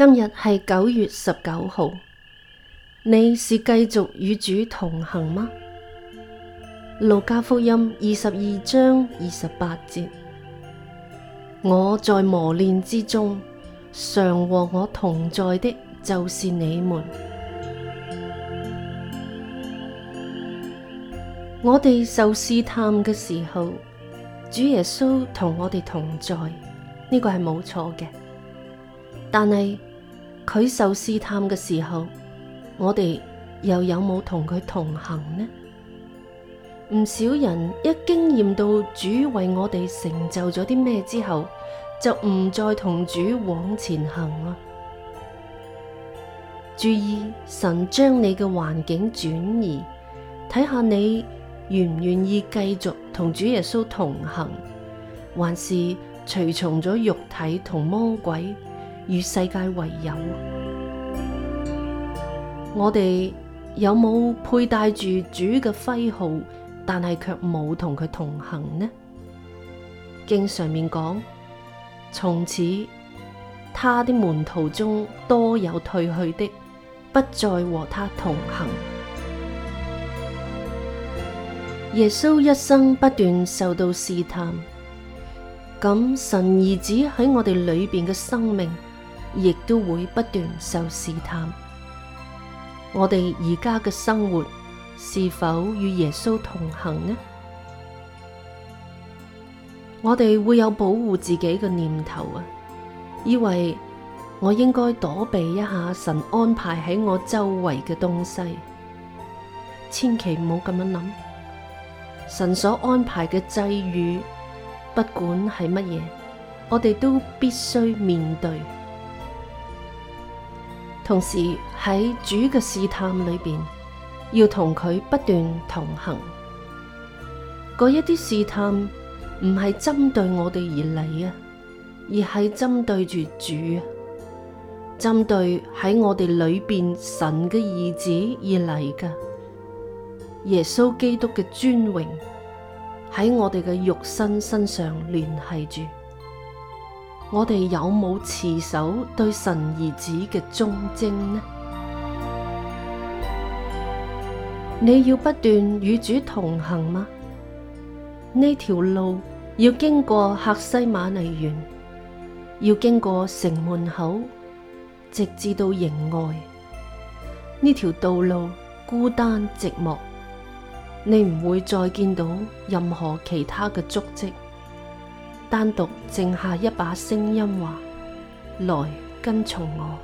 今日係九月十九號，你是繼續與主同行嗎？路加福音二十二章二十八節，我在磨練之中，常和我同在的，就是你們。我哋受試探嘅時候，主耶穌同我哋同在，呢個係冇錯嘅，但係。佢受試探嘅時候，我哋又有冇同佢同行呢？唔少人一經驗到主為我哋成就咗啲咩之後，就唔再同主往前行啦，啊。注意，神將你嘅環境轉移，睇下你願唔願意繼續同主耶穌同行，還是隨從咗肉體同魔鬼。與世界為友，我哋有冇佩戴住主嘅徽號，但係卻冇同佢同行呢？經上面講，從此，他的門徒中多有退去的，不再和他同行。耶穌一生不斷受到試探，咁神兒子喺我哋裏邊嘅生命。亦都會不斷受試探。我哋而家嘅生活是否與耶穌同行呢？我哋會有保護自己嘅念頭啊，以為我應該躲避一下神安排喺我周圍嘅東西，千祈唔好咁樣諗。神所安排嘅際遇，不管係乜嘢，我哋都必須面對。同時喺主嘅試探裏邊，要同佢不斷同行。嗰一啲試探唔係針對我哋而嚟啊，而係針對住主啊，針對喺我哋裏邊神嘅兒子而嚟噶。耶穌基督嘅尊榮喺我哋嘅肉身身上聯繫住。我哋有冇持守對神兒子嘅忠貞呢？你要不斷與主同行嗎？呢條路要經過客西馬尼園，要經過城門口，直至到營外。呢條道路孤單寂寞，你唔會再見到任何其他嘅足跡。單獨剩下一把聲音話，來跟從我。